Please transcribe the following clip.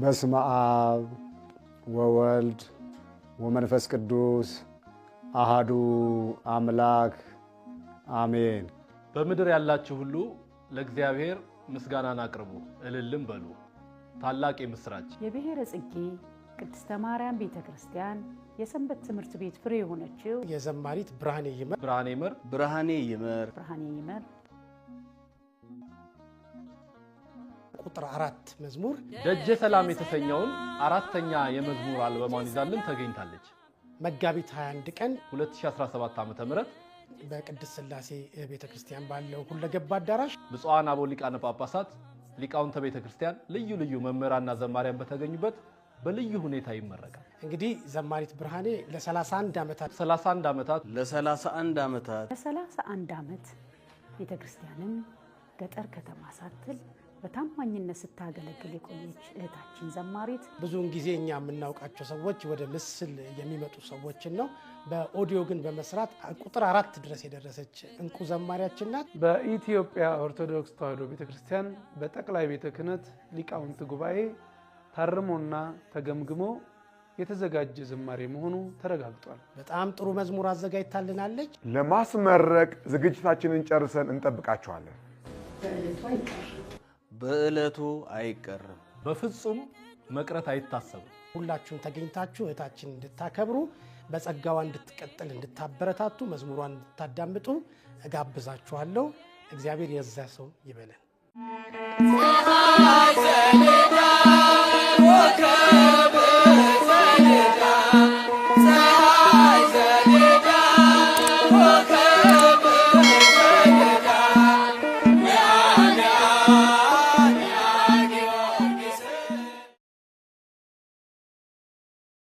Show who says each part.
Speaker 1: በስመ አብ ወወልድ ወመንፈስ ቅዱስ አሃዱ አምላክ አሜን።
Speaker 2: በምድር ያላችሁ ሁሉ ለእግዚአብሔር ምስጋናን አቅርቡ፣ እልልም በሉ። ታላቅ የምስራች
Speaker 3: የብሔረ ጽጌ ቅድስተ ማርያም ቤተ ክርስቲያን የሰንበት ትምህርት ቤት ፍሬ የሆነችው
Speaker 4: የዘማሪት ብርሃኔ ይመር
Speaker 5: ብርሃኔ ይመር
Speaker 6: ብርሃኔ ይመር
Speaker 3: ብርሃኔ ይመር
Speaker 4: ቁጥር አራት መዝሙር
Speaker 2: ደጀ ሰላም የተሰኘውን አራተኛ የመዝሙር አልበሟን ይዛልን ተገኝታለች።
Speaker 4: መጋቢት 21 ቀን
Speaker 2: 2017 ዓ ም
Speaker 4: በቅድስት ስላሴ ቤተ ክርስቲያን ባለው ሁለገብ አዳራሽ
Speaker 2: ብፁዓን አቦ ሊቃነ ጳጳሳት፣ ሊቃውንተ ቤተ ክርስቲያን፣ ልዩ ልዩ መምህራንና ዘማሪያን በተገኙበት በልዩ ሁኔታ ይመረቃል።
Speaker 4: እንግዲህ ዘማሪት ብርሃኔ ለ31 ዓመታት
Speaker 2: 31 ዓመታት
Speaker 6: ለ31 ዓመታት
Speaker 3: ለ31 ዓመት ቤተ ክርስቲያንን ገጠር ከተማ ሳትል በታማኝነት ስታገለግል የቆየች እህታችን ዘማሪት።
Speaker 4: ብዙውን ጊዜ እኛ የምናውቃቸው ሰዎች ወደ ምስል የሚመጡ ሰዎችን ነው። በኦዲዮ ግን በመስራት ቁጥር አራት ድረስ የደረሰች እንቁ ዘማሪያችን ናት።
Speaker 5: በኢትዮጵያ ኦርቶዶክስ ተዋሕዶ ቤተክርስቲያን በጠቅላይ ቤተ ክህነት ሊቃውንት ጉባኤ ታርሞና ተገምግሞ የተዘጋጀ ዝማሬ መሆኑ ተረጋግጧል።
Speaker 4: በጣም ጥሩ መዝሙር አዘጋጅታልናለች።
Speaker 7: ለማስመረቅ ዝግጅታችንን ጨርሰን እንጠብቃችኋለን።
Speaker 6: በዕለቱ አይቀርም፣
Speaker 2: በፍጹም መቅረት አይታሰብም።
Speaker 4: ሁላችሁም ተገኝታችሁ እህታችን እንድታከብሩ በጸጋዋ እንድትቀጥል እንድታበረታቱ መዝሙሯን እንድታዳምጡ እጋብዛችኋለሁ። እግዚአብሔር የዛ ሰው ይበለን።